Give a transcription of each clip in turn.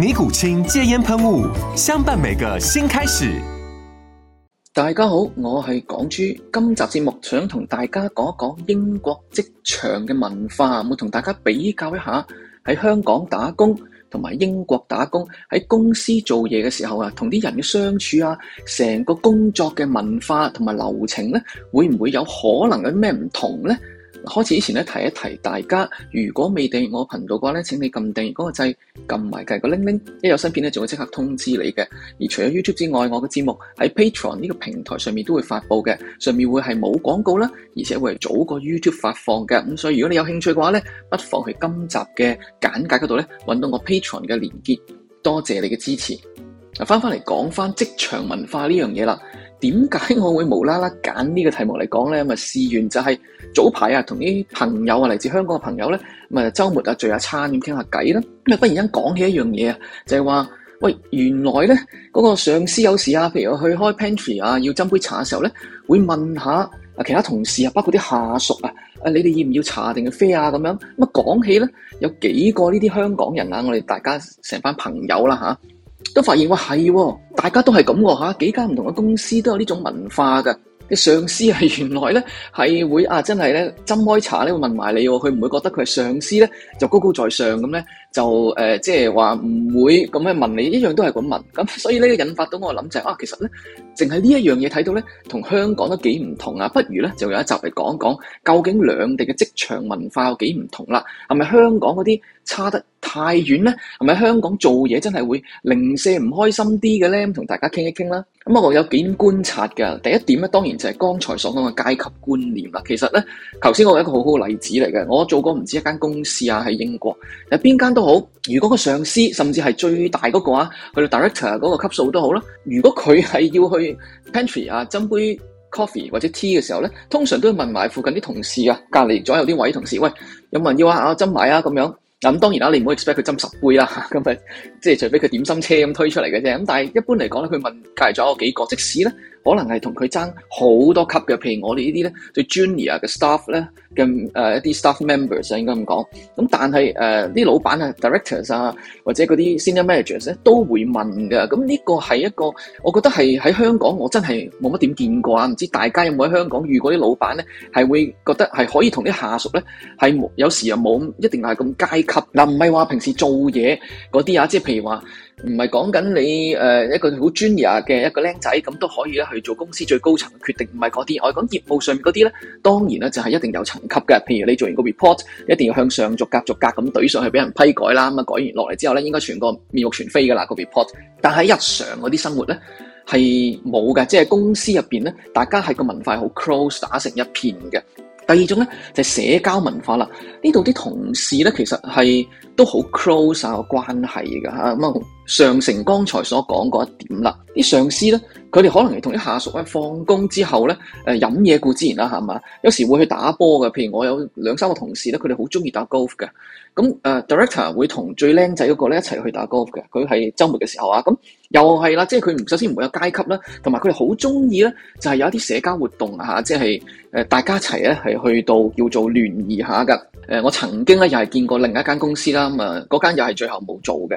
尼古清戒煙噴霧，相伴每個新開始。大家好，我係港豬，今集節目想同大家講一講英國職場嘅文化，我同大家比較一下喺香港打工同埋英國打工喺公司做嘢嘅時候啊，同啲人嘅相處啊，成個工作嘅文化同埋流程咧，會唔會有可能有咩唔同咧？開始之前咧，提一提大家，如果未訂閱我頻道嘅話咧，請你撳訂閱嗰個掣，撳埋隔籬個鈴鈴，一有新片咧，就會即刻通知你嘅。而除咗 YouTube 之外，我嘅節目喺 Patreon 呢個平台上面都會發布嘅，上面會係冇廣告啦，而且會係早過 YouTube 發放嘅。咁所以如果你有興趣嘅話咧，不妨去今集嘅簡介嗰度咧，揾到我 Patreon 嘅連結，多謝你嘅支持。嗱，翻翻嚟講翻職場文化呢樣嘢啦。點解我會無啦啦揀呢個題目嚟講咧？咁啊，事緣就係早排啊，同啲朋友啊，嚟自香港嘅朋友咧，咁啊，週末啊，聚下、啊、餐傾下偈啦。咁啊，忽然間講起一樣嘢啊，就係、是、話，喂，原來咧嗰、那個上司有時啊，譬如去開 pantry 啊，要斟杯茶嘅時候咧，會問下啊其他同事啊，包括啲下屬啊，啊，你哋要唔要茶定係啡啊咁樣。咁啊，講起咧，有幾個呢啲香港人啊，我哋大家成班朋友啦、啊都發現哇，係，大家都係咁喎嚇，幾間唔同嘅公司都有呢種文化嘅。嘅上司係原來咧係會啊，真係咧斟開茶咧會問埋你喎，佢唔會覺得佢係上司咧就高高在上咁咧。就誒，即係話唔會咁樣問你，一樣都係咁問。咁所以呢個引發到我諗就係、是、啊，其實呢，淨係呢一樣嘢睇到呢，同香港都幾唔同啊。不如呢，就有一集嚟講一講，究竟兩地嘅職場文化有幾唔同啦、啊？係咪香港嗰啲差得太遠呢？係咪香港做嘢真係會零舍唔開心啲嘅呢？咁同大家傾一傾啦。咁、嗯、我有幾點觀察㗎。第一點呢，當然就係剛才所講嘅階級觀念啦。其實呢，頭先我有一個好好嘅例子嚟嘅。我做過唔止一間公司啊，喺英國，誒邊間都，都好，如果個上司甚至係最大嗰個啊，佢 director 嗰個級數都好啦。如果佢係要去 pantry 啊斟杯 coffee 或者 tea 嘅時候咧，通常都會問埋附近啲同事啊，隔籬左右啲位同事，喂，有冇人要啊啊斟埋啊咁樣。咁當然啦，你唔好 expect 佢斟十杯啦，咁咪即係除非佢點心車咁推出嚟嘅啫。咁但係一般嚟講咧，佢問隔籬左右幾個，即使咧，可能係同佢爭好多級嘅，譬如我哋呢啲咧，最 junior 嘅 staff 咧嘅誒一啲 staff members 啊，應該咁講，咁但係誒啲老闆啊，directors 啊，或者嗰啲 senior managers 咧，都會問嘅。咁，嗯，呢個係一個我覺得係喺香港，我真係冇乜點見過啊！唔知大家有冇喺香港遇過啲老闆咧，係會覺得係可以同啲下屬咧係冇有時又冇一定係咁階級嗱，唔係話平時做嘢嗰啲啊，即係譬如話唔係講緊你誒一個好專業嘅一個僆仔咁，都可以咧去做公司最高層嘅決定，唔係嗰啲，我哋講業務上面嗰啲咧，當然咧就係一定有層級嘅。譬如你做完個 report，一定要向上逐格逐格咁懟上去俾人批改啦，咁改完落嚟之後咧，應該全個面目全非噶啦，個 report。但係日常嗰啲生活咧係冇嘅，即係、就是、公司入邊咧，大家係個文化好 close，打成一片嘅。第二種咧就係、是、社交文化啦，呢度啲同事咧其實是，係都好 close 啊，關係係㗎吓咁上城剛才所講嗰一點啦，啲上司咧，佢哋可能同啲下屬咧放工之後咧，誒飲嘢固之然啦、啊，係嘛？有時會去打波嘅，譬如我有兩三個同事咧，佢哋好中意打 golf 嘅。咁誒、uh, director 會同最靚仔嗰個咧一齊去打 golf 嘅，佢喺周末嘅時候啊。咁又係啦，即係佢唔首先唔會有階級啦，同埋佢哋好中意咧，就係、是、有一啲社交活動啊，即係大家一齊咧係去到叫做聯誼下㗎。我曾經咧又係見過另一間公司啦，咁啊嗰間又係最後冇做嘅。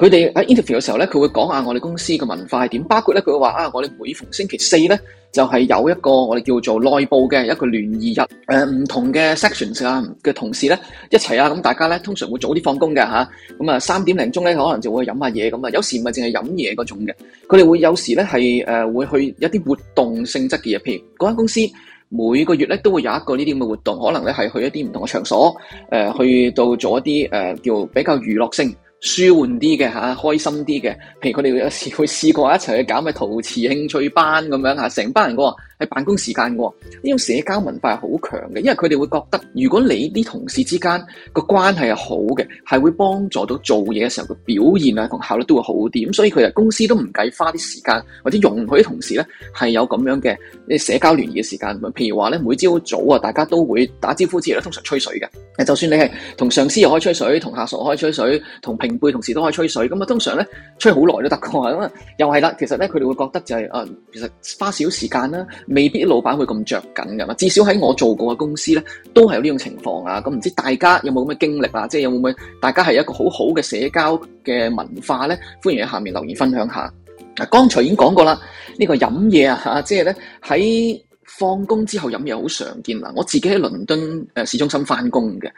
佢哋喺 interview 嘅時候咧，佢會講下我哋公司嘅文化係點，包括咧佢會話啊，我哋每逢星期四咧就係、是、有一個我哋叫做內部嘅一個聯誼日，誒、呃、唔同嘅 sections 嘅、啊、同事咧一齊啊，咁、嗯、大家咧通常會早啲放工嘅吓，咁啊、嗯、三點零鐘咧可能就會飲下嘢咁啊，有時唔係淨係飲嘢嗰種嘅，佢哋會有時咧係誒會去一啲活動性質嘅嘢，譬如嗰間公司每個月咧都會有一個呢啲咁嘅活動，可能咧係去一啲唔同嘅場所，誒、呃、去到做一啲誒、呃、叫比較娛樂性。舒緩啲嘅嚇，開心啲嘅，譬如佢哋有時會試過一齊去搞咩陶瓷興趣班咁樣嚇，成班人講話。喺辦公時間嘅喎，呢種社交文化係好強嘅，因為佢哋會覺得，如果你啲同事之間個關係係好嘅，係會幫助到做嘢嘅時候個表現啊同效率都會好啲，咁所以佢哋公司都唔計花啲時間或者容許啲同事咧係有咁樣嘅社交聯誼嘅時間，譬如話咧每朝早啊，大家都會打招呼之類，通常吹水嘅，就算你係同上司又可以吹水，同下屬可以吹水，同平輩同事都可以吹水，咁啊通常咧吹好耐都得㗎，咁、嗯、啊又係啦，其實咧佢哋會覺得就係、是、啊、呃，其實花少時間啦。未必老闆會咁著緊㗎嘛，至少喺我做過嘅公司咧，都係有呢種情況啊。咁唔知大家有冇咁嘅經歷啊？即係有冇冇大家係一個好好嘅社交嘅文化咧？歡迎喺下面留言分享下。嗱、啊，剛才已經講過啦，呢、這個飲嘢啊，即係咧喺放工之後飲嘢好常見啦。我自己喺倫敦、呃、市中心返工嘅，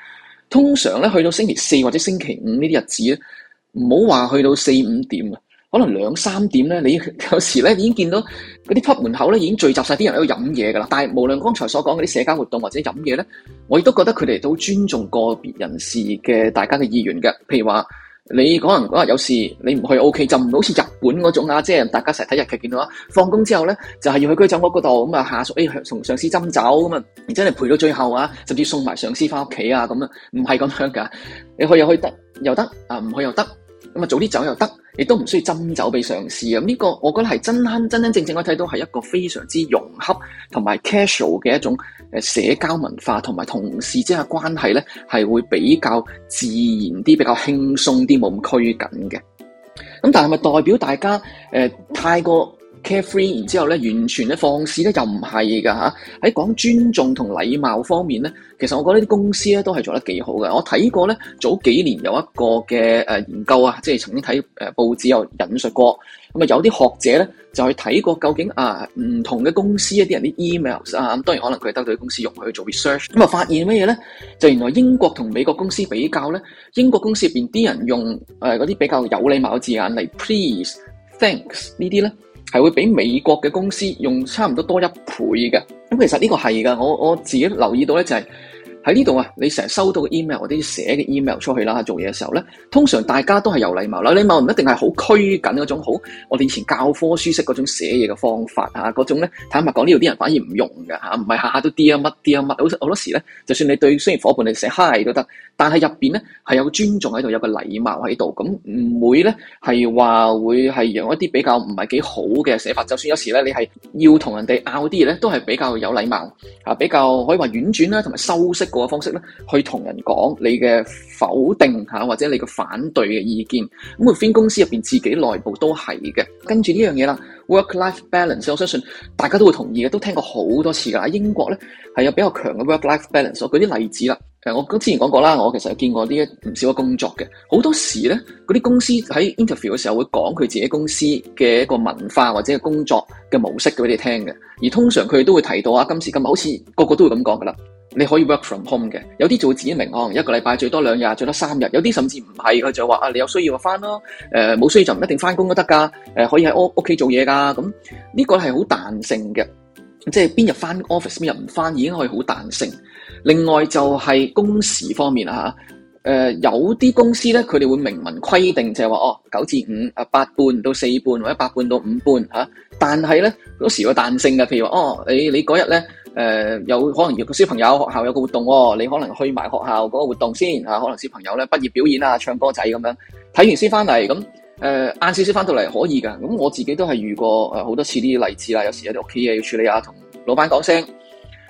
通常咧去到星期四或者星期五呢啲日子咧，唔好話去到四五點啊。可能兩三點咧，你有時咧已經見到嗰啲 pub 門口咧已經聚集晒啲人喺度飲嘢噶啦。但係無論剛才所講嗰啲社交活動或者飲嘢咧，我亦都覺得佢哋都尊重個別人士嘅大家嘅意願嘅。譬如話你可能嗰日有事，你唔去 O、OK, K 就唔好似日本嗰種啊，即係大家成日睇日劇見到啊，放工之後咧就係、是、要去居酒屋嗰度咁啊，下屬誒同、哎、上司斟酒咁啊，而真係陪到最後啊，甚至送埋上司返屋企啊咁啊，唔係咁樣噶。你可以又去得又得啊，唔去又得咁啊，早啲走又得。亦都唔需要斟酒畀上司啊！呢、這個我覺得係真真真真正正我睇到係一個非常之融洽同埋 casual 嘅一種社交文化，同埋同事之間嘅關係咧係會比較自然啲、比較輕鬆啲，冇咁拘緊嘅。咁但係咪代表大家誒、呃、太過？carefree，然之後咧，完全咧放肆咧，又唔係㗎嚇。喺講尊重同禮貌方面咧，其實我覺得啲公司咧都係做得幾好嘅。我睇過咧，早幾年有一個嘅誒研究啊，即係曾經睇誒報紙有引述過咁啊。有啲學者咧就去睇過，究竟啊唔同嘅公司一啲人啲 emails 啊咁，當然可能佢係得到啲公司用佢去做 research 咁啊。發現乜嘢咧？就原來英國同美國公司比較咧，英國公司入邊啲人用誒嗰啲比較有禮貌嘅字眼嚟，please thanks、thanks 呢啲咧。係會比美國嘅公司用差唔多多一倍嘅，咁其實呢個係㗎，我我自己留意到咧就係、是。喺呢度啊，你成日收到嘅 email，或者寫嘅 email 出去啦，做嘢嘅時候咧，通常大家都係有禮貌啦。禮貌唔一定係好拘謹嗰種好，我哋以前教科書式嗰種寫嘢嘅方法嚇，嗰、啊、種咧，坦白講呢度啲人反而唔用㗎。唔係下下都啲啊乜啲啊乜，好多時咧，就算你對雖然伙伴你寫嗨都得，但係入面咧係有個尊重喺度，有個禮貌喺度，咁唔會咧係話會係用一啲比較唔係幾好嘅寫法。就算有時咧，你係要同人哋拗啲嘢咧，都係比較有禮貌、啊、比較可以話婉轉啦、啊，同埋修飾。個方式咧，去同人講你嘅否定下，或者你嘅反對嘅意見。咁我分公司入面自己內部都係嘅。跟住呢樣嘢啦，work-life balance，我相信大家都會同意嘅，都聽過好多次噶。喺英國咧係有比較強嘅 work-life balance。我舉啲例子啦。誒，我之前講過啦，我其實見過啲唔少嘅工作嘅。好多時咧，嗰啲公司喺 interview 嘅時候會講佢自己公司嘅一個文化或者工作嘅模式，佢俾你聽嘅。而通常佢哋都會提到啊，今時今日好似個個都會咁講噶啦。你可以 work from home 嘅，有啲就會自己明案，一個禮拜最多兩日，最多三日。有啲甚至唔係佢就話啊，你有需要就翻咯。冇、呃、需要就唔一定翻工都得噶、呃。可以喺屋屋企做嘢噶。咁、嗯、呢、這個係好彈性嘅，即係邊日翻 office，邊日唔翻已經可以好彈性。另外就係工時方面啊誒有啲公司咧，佢哋會明文規定就係、是、話哦九至五啊八半到四半或者八半到五半但係咧時時會彈性嘅，譬如話哦，你你嗰日咧。誒，有、呃、可能有個小朋友學校有個活動，哦，你可能去埋學校嗰個活動先吓，啊，可能小朋友咧畢業表演啊、唱歌仔咁樣，睇完先翻嚟咁。誒，晏少少翻到嚟可以噶。咁我自己都係遇過誒、好、呃、多次啲例子啦，有時有啲屋企嘢要處理啊，同老闆講聲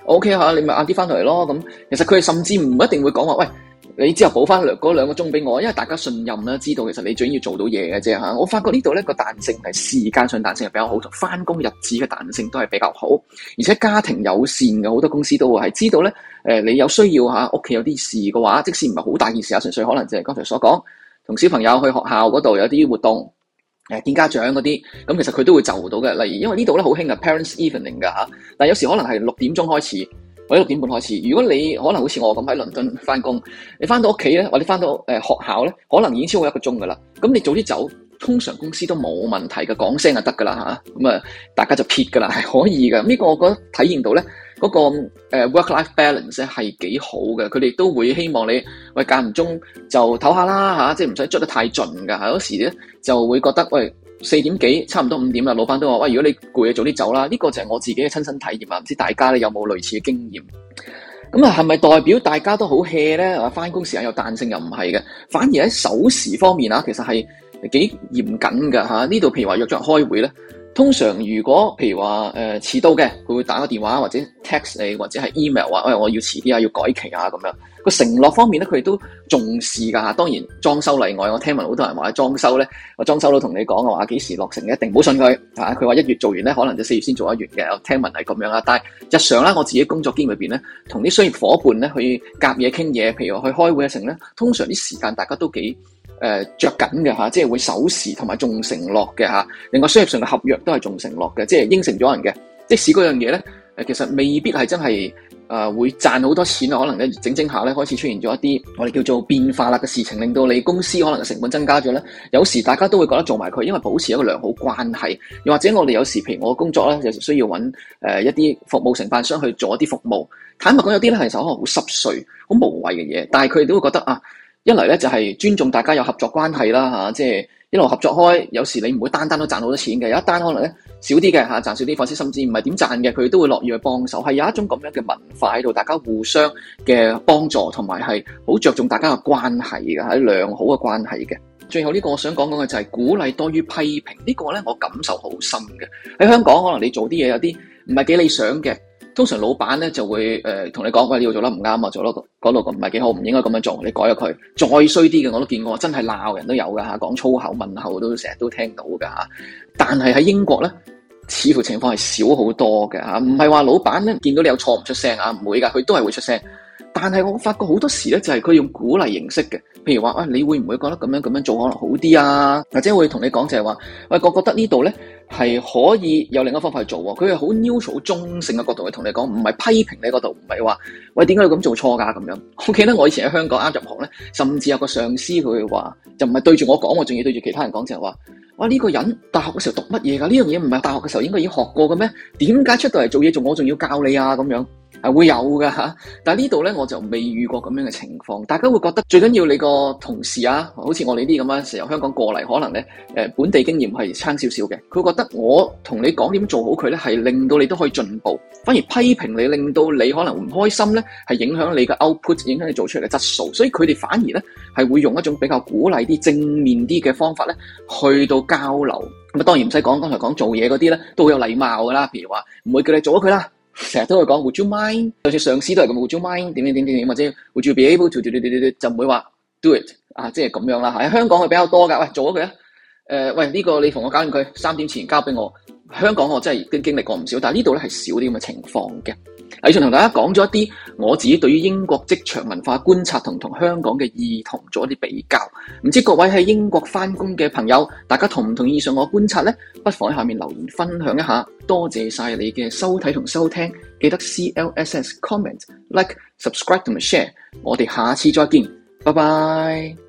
，OK 吓，啊，你咪晏啲翻到嚟咯。咁、嗯、其實佢哋甚至唔一定會講話，喂。你之後補翻嗰兩個鐘俾我，因為大家信任啦，知道其實你最緊要做到嘢嘅啫嚇。我發覺呢度呢個彈性係時間上彈性係比較好，同翻工日子嘅彈性都係比較好，而且家庭友善嘅好多公司都會係知道呢，誒你有需要下屋企有啲事嘅話，即使唔係好大件事呀，純粹可能就係剛才所講，同小朋友去學校嗰度有啲活動，誒見家長嗰啲，咁其實佢都會就到嘅。例如，因為呢度呢好興嘅 Parents Evening 噶嚇，但有時可能係六點鐘開始。我喺六點半開始。如果你可能好似我咁喺倫敦返工，你返到屋企咧，或者返到誒、呃、學校咧，可能已經超過一個鐘噶啦。咁你早啲走，通常公司都冇問題嘅，講聲就得噶啦嚇。咁啊、嗯，大家就撇噶啦，係可以嘅。呢、啊這個我覺得體現到咧嗰、那個、呃、work-life balance 咧係幾好嘅。佢哋都會希望你喂間唔中就唞下啦、啊、即係唔使捽得太盡㗎。有、啊、時咧就會覺得喂。四點幾，差唔多五點啦，老闆都話：喂，如果你攰嘅，早啲走啦。呢個就係我自己嘅親身體驗啊，唔知大家咧有冇類似嘅經驗？咁啊，係咪代表大家都好 hea 咧？啊，翻工時間有彈性又唔係嘅，反而喺守時方面啊，其實係幾嚴謹嘅嚇。啊，呢度譬如話約咗人開會咧。通常如果譬如話誒、呃、遲到嘅，佢會打個電話或者 text 你或者係 email 話、哎，我要遲啲啊，要改期啊咁樣。個承諾方面咧，佢都重視㗎。當然裝修例外，我聽聞好多人話裝修咧，我裝修都同你講嘅話幾時落成，一定唔好信佢吓。佢話一月做完咧，可能就四月先做一月嘅。我聽聞係咁樣啊。但係日常啦，我自己工作經驗裏邊咧，同啲商業伙伴咧去夾嘢傾嘢，譬如話去開會嘅成咧，通常啲時間大家都幾。誒着、呃、緊嘅嚇，即係會守時同埋重承諾嘅嚇。另外商業上嘅合約都係重承諾嘅，即係應承咗人嘅。即使嗰樣嘢咧，其實未必係真係誒、呃、會賺好多錢啊。可能咧，整整下咧，開始出現咗一啲我哋叫做變化啦嘅事情，令到你公司可能嘅成本增加咗咧。有時大家都會覺得做埋佢，因為保持一個良好關係。又或者我哋有時譬如我嘅工作咧，有時需要揾誒、呃、一啲服務承辦商去做一啲服務。坦白講，有啲咧係實可能好濕碎、好無謂嘅嘢，但係佢哋都會覺得啊。一嚟咧就係尊重大家有合作關係啦嚇，即係一路合作開，有時你唔會單單都賺好多錢嘅，有一單可能咧少啲嘅嚇，賺少啲份先，甚至唔係點賺嘅，佢都會樂意去幫手，係有一種咁樣嘅文化喺度，大家互相嘅幫助同埋係好着重大家嘅關係嘅，係良好嘅關係嘅。最後呢個我想講講嘅就係鼓勵多於批評，呢個咧我感受好深嘅。喺香港可能你做啲嘢有啲唔係幾理想嘅。通常老闆咧就會誒同、呃、你講，喂、哎，你度做得唔啱啊，做得度到唔係幾好，唔應該咁樣做，你改咗佢。再衰啲嘅我都見過，真係鬧人都有㗎嚇，講粗口、問候都成日都聽到㗎嚇。但係喺英國咧，似乎情況係少好多嘅嚇。唔係話老闆咧見到你有錯唔出聲啊，唔會㗎，佢都係會出聲。但係我發覺好多時咧就係、是、佢用鼓勵形式嘅，譬如話喂、哎，你會唔會覺得咁樣咁樣做可能好啲啊？或者會同你講就係話，喂、哎，我覺得呢度咧，係可以有另一方法去做喎，佢係好 neutral 中性嘅角度去同你講，唔係批評你嗰度，唔係話喂點解你咁做錯噶咁樣。我記得我以前喺香港啱入行咧，甚至有個上司佢話就唔係對住我講，我仲要對住其他人講就係話，哇呢個人大學嘅時候讀乜嘢噶？呢樣嘢唔係大學嘅時候應該已經學過嘅咩？點解出到嚟做嘢仲我仲要教你啊咁樣？係會有噶吓，但係呢度咧我就未遇過咁樣嘅情況。大家會覺得最緊要你個同事啊，好似我哋啲咁樣成日香港過嚟，可能咧本地經驗係差少少嘅。佢覺得我同你講點做好佢咧，係令到你都可以進步，反而批評你令到你可能唔開心咧，係影響你嘅 output，影響你做出嚟嘅質素。所以佢哋反而咧係會用一種比較鼓勵啲、正面啲嘅方法咧，去到交流。咁啊當然唔使講，剛才講做嘢嗰啲咧都好有禮貌㗎啦。譬如話唔會叫你做咗佢啦。成日都會講，Would you mind？上次上司都係咁，Would you mind？點點點點點或者 Would you be able to？do it？就唔會話 do it，就說 do it 啊！即係咁樣啦。喺香港係比較多㗎。喂，做咗佢啦。誒、呃，喂呢、呢個你同我搞掂佢，三點前交俾我。香港我真係經經歷過唔少，但係呢度咧係少啲咁嘅情況嘅。以上同大家講咗一啲我自己對於英國職場文化觀察同同香港嘅異同做一啲比較，唔知各位喺英國返工嘅朋友，大家同唔同意上我觀察呢？不妨喺下面留言分享一下，多謝晒你嘅收睇同收聽，記得 CLSS comment like subscribe 同 share，我哋下次再見，拜拜。